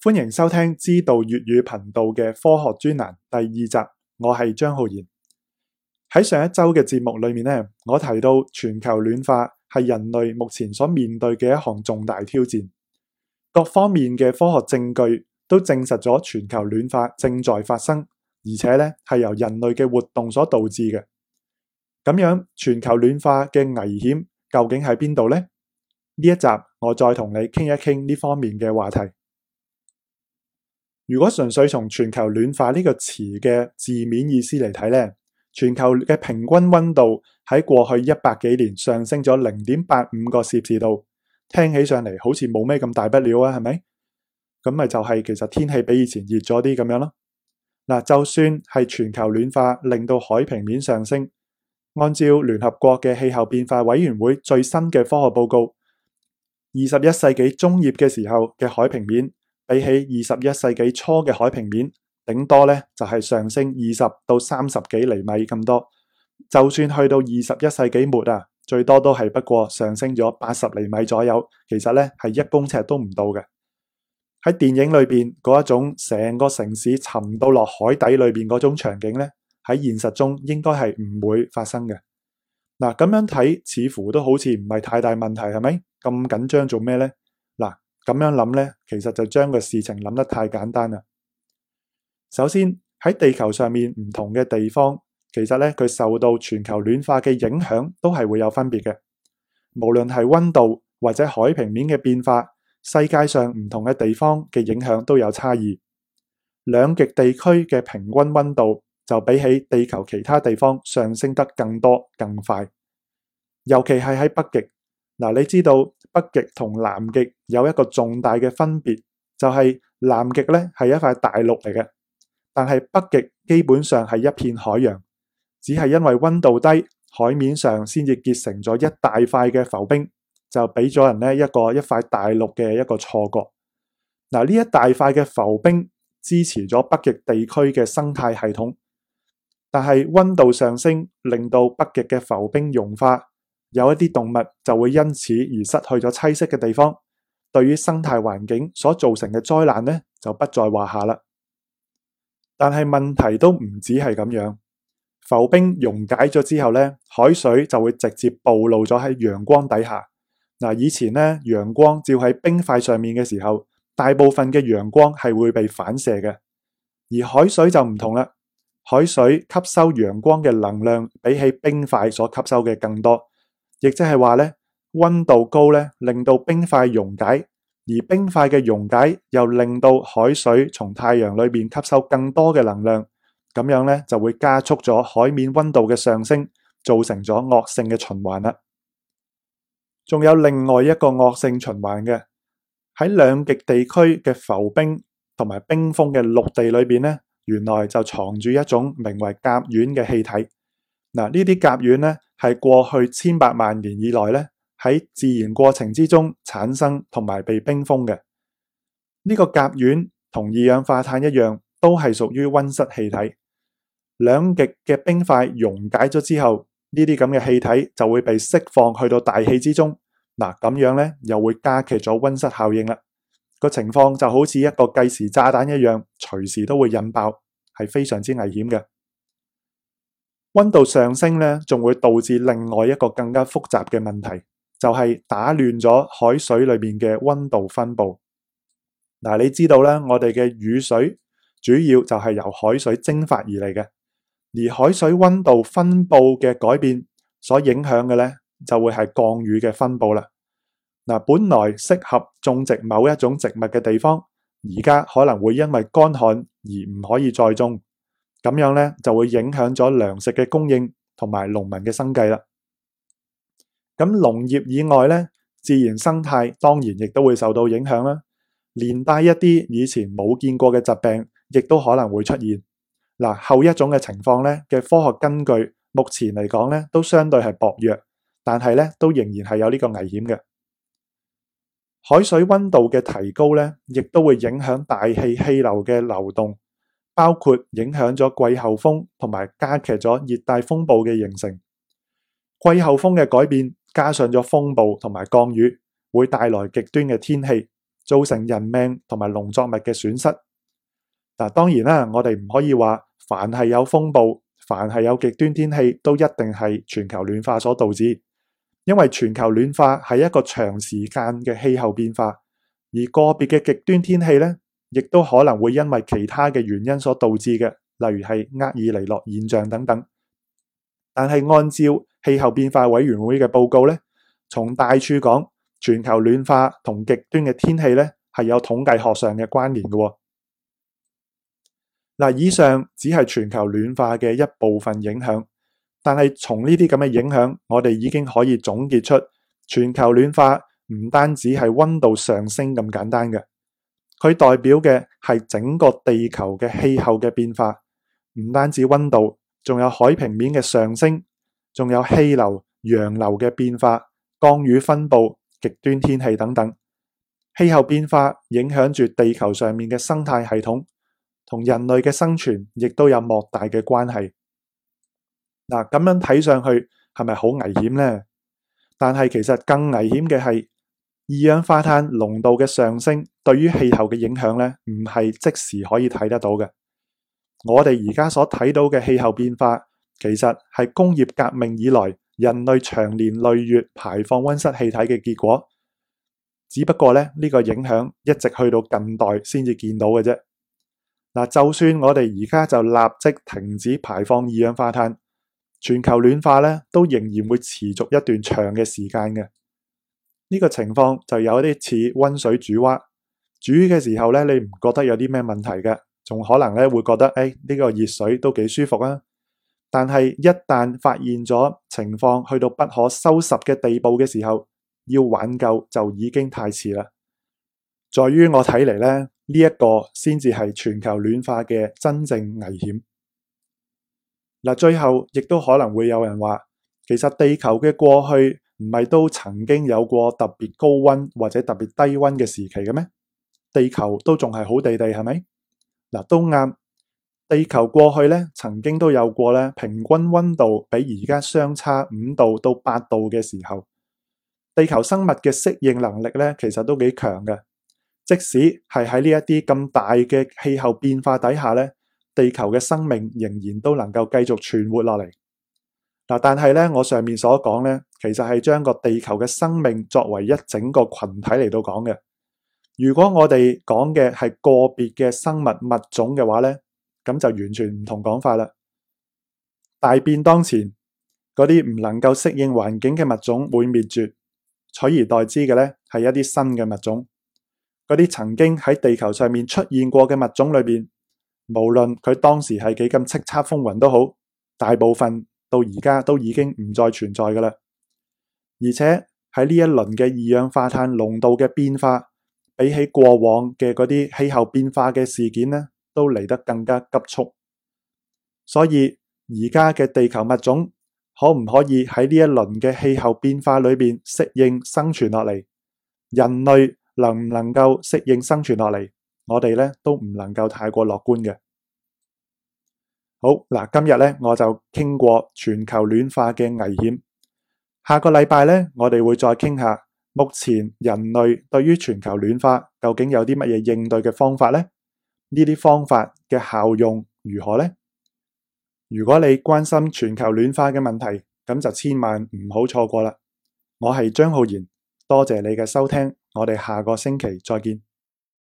歡迎收聽知道粵語頻道嘅科學專欄第二集，我係張浩然。喺上一周嘅節目裏面咧，我提到全球暖化係人類目前所面對嘅一項重大挑戰，各方面嘅科學證據都證實咗全球暖化正在發生，而且咧係由人類嘅活動所導致嘅。咁樣，全球暖化嘅危險究竟喺邊度呢？呢一集我再同你傾一傾呢方面嘅話題。如果純粹從全球暖化呢個詞嘅字面意思嚟睇呢，全球嘅平均温度喺過去一百幾年上升咗零點八五個攝氏度，聽起上嚟好似冇咩咁大不了啊，係咪？咁咪就係其實天氣比以前熱咗啲咁樣咯。嗱，就算係全球暖化令到海平面上升，按照聯合國嘅氣候變化委員會最新嘅科學報告，二十一世紀中葉嘅時候嘅海平面。比起二十一世紀初嘅海平面，頂多咧就係上升二十到三十幾厘米咁多。就算去到二十一世紀末啊，最多都係不過上升咗八十厘米左右。其實咧係一公尺都唔到嘅。喺電影裏邊嗰一種成個城市沉到落海底裏邊嗰種場景咧，喺現實中應該係唔會發生嘅。嗱，咁樣睇似乎都好似唔係太大問題，係咪？咁緊張做咩呢？咁樣諗呢，其實就將個事情諗得太簡單啦。首先，喺地球上面唔同嘅地方，其實呢，佢受到全球暖化嘅影響都係會有分別嘅。無論係溫度或者海平面嘅變化，世界上唔同嘅地方嘅影響都有差異。兩極地區嘅平均溫度就比起地球其他地方上升得更多、更快，尤其係喺北極。嗱，你知道北極同南極有一個重大嘅分別，就係南極呢係一塊大陸嚟嘅，但係北極基本上係一片海洋，只係因為温度低，海面上先至結成咗一大塊嘅浮冰，就俾咗人呢一個一塊大陸嘅一個錯覺。嗱，呢一大塊嘅浮冰支持咗北極地區嘅生態系統，但係温度上升令到北極嘅浮冰融化。有一啲動物就會因此而失去咗棲息嘅地方，對於生態環境所造成嘅災難呢，就不在話下啦。但係問題都唔止係咁樣，浮冰溶解咗之後呢，海水就會直接暴露咗喺陽光底下。嗱，以前呢，陽光照喺冰塊上面嘅時候，大部分嘅陽光係會被反射嘅，而海水就唔同啦，海水吸收陽光嘅能量比起冰塊所吸收嘅更多。亦即係話咧，溫度高咧，令到冰塊溶解，而冰塊嘅溶解又令到海水從太陽裏邊吸收更多嘅能量，咁樣咧就會加速咗海面溫度嘅上升，造成咗惡性嘅循環啦。仲有另外一個惡性循環嘅，喺兩極地區嘅浮冰同埋冰封嘅陸地裏邊咧，原來就藏住一種名為甲烷嘅氣體。嗱，呢啲甲烷咧。係過去千百萬年以來咧，喺自然過程之中產生同埋被冰封嘅呢個甲烷，同二氧化碳一樣，都係屬於溫室氣體。兩極嘅冰塊溶解咗之後，呢啲咁嘅氣體就會被釋放去到大氣之中。嗱，咁樣呢又會加劇咗溫室效應啦。個情況就好似一個計時炸彈一樣，隨時都會引爆，係非常之危險嘅。溫度上升呢，仲會導致另外一個更加複雜嘅問題，就係打亂咗海水裏面嘅溫度分布。嗱，你知道啦，我哋嘅雨水主要就係由海水蒸發而嚟嘅，而海水溫度分布嘅改變，所影響嘅呢,就會係降雨嘅分布啦。嗱，本來適合種植某一種植物嘅地方，而家可能會因為乾旱而唔可以再種。咁樣咧，就會影響咗糧食嘅供應同埋農民嘅生計啦。咁農業以外咧，自然生態當然亦都會受到影響啦。連帶一啲以前冇見過嘅疾病，亦都可能會出現。嗱，後一種嘅情況咧嘅科學根據，目前嚟講咧都相對係薄弱，但係咧都仍然係有呢個危險嘅。海水溫度嘅提高咧，亦都會影響大氣氣流嘅流動。包括影響咗季候風同埋加劇咗熱帶風暴嘅形成，季候風嘅改變加上咗風暴同埋降雨，會帶來極端嘅天氣，造成人命同埋農作物嘅損失。嗱，當然啦，我哋唔可以話凡係有風暴，凡係有極端天氣，都一定係全球暖化所導致，因為全球暖化係一個長時間嘅氣候變化，而個別嘅極端天氣呢，亦都可能會因為其他嘅原因所導致嘅，例如係厄爾尼諾現象等等。但係按照氣候變化委員會嘅報告呢，從大處講，全球暖化同極端嘅天氣呢係有統計學上嘅關聯嘅。嗱，以上只係全球暖化嘅一部分影響，但係從呢啲咁嘅影響，我哋已經可以總結出，全球暖化唔單止係溫度上升咁簡單嘅。佢代表嘅係整個地球嘅氣候嘅變化，唔單止温度，仲有海平面嘅上升，仲有氣流、洋流嘅變化、降雨分布、極端天氣等等。氣候變化影響住地球上面嘅生態系統，同人類嘅生存亦都有莫大嘅關係。嗱、啊，咁樣睇上去係咪好危險呢？但係其實更危險嘅係。二氧化碳濃度嘅上升對於氣候嘅影響咧，唔係即時可以睇得到嘅。我哋而家所睇到嘅氣候變化，其實係工業革命以來人類長年累月排放溫室氣體嘅結果。只不過咧，呢個影響一直去到近代先至見到嘅啫。嗱，就算我哋而家就立即停止排放二氧化碳，全球暖化咧，都仍然會持續一段長嘅時間嘅。呢個情況就有一啲似溫水煮蛙，煮嘅時候呢，你唔覺得有啲咩問題嘅，仲可能呢會覺得，誒，呢個熱水都幾舒服啊。但係一旦發現咗情況去到不可收拾嘅地步嘅時候，要挽救就已經太遲啦。在於我睇嚟呢，呢一個先至係全球暖化嘅真正危險。嗱，最後亦都可能會有人話，其實地球嘅過去。唔係都曾經有過特別高温或者特別低温嘅時期嘅咩？地球都仲係好地地，係咪？嗱，都啱。地球過去咧，曾經都有過咧，平均温度比而家相差五度到八度嘅時候，地球生物嘅適應能力咧，其實都幾強嘅。即使係喺呢一啲咁大嘅氣候變化底下咧，地球嘅生命仍然都能夠繼續存活落嚟。嗱，但係咧，我上面所講咧，其實係將個地球嘅生命作為一整個群體嚟到講嘅。如果我哋講嘅係個別嘅生物物種嘅話咧，咁就完全唔同講法啦。大變當前，嗰啲唔能夠適應環境嘅物種會滅絕，取而代之嘅咧係一啲新嘅物種。嗰啲曾經喺地球上面出現過嘅物種裏邊，無論佢當時係幾咁叱咤風雲都好，大部分，到而家都已經唔再存在㗎喇，而且喺呢一輪嘅二氧化碳濃度嘅變化，比起過往嘅嗰啲氣候變化嘅事件呢，都嚟得更加急促。所以而家嘅地球物種可唔可以喺呢一輪嘅氣候變化裏邊適應生存落嚟？人類能唔能夠適應生存落嚟？我哋呢都唔能夠太過樂觀嘅。好嗱，今日呢我就傾過全球暖化嘅危險。下個禮拜呢，我哋會再傾下目前人類對於全球暖化究竟有啲乜嘢應對嘅方法呢？呢啲方法嘅效用如何呢？如果你關心全球暖化嘅問題，咁就千萬唔好錯過啦。我係張浩然，多謝你嘅收聽，我哋下個星期再見。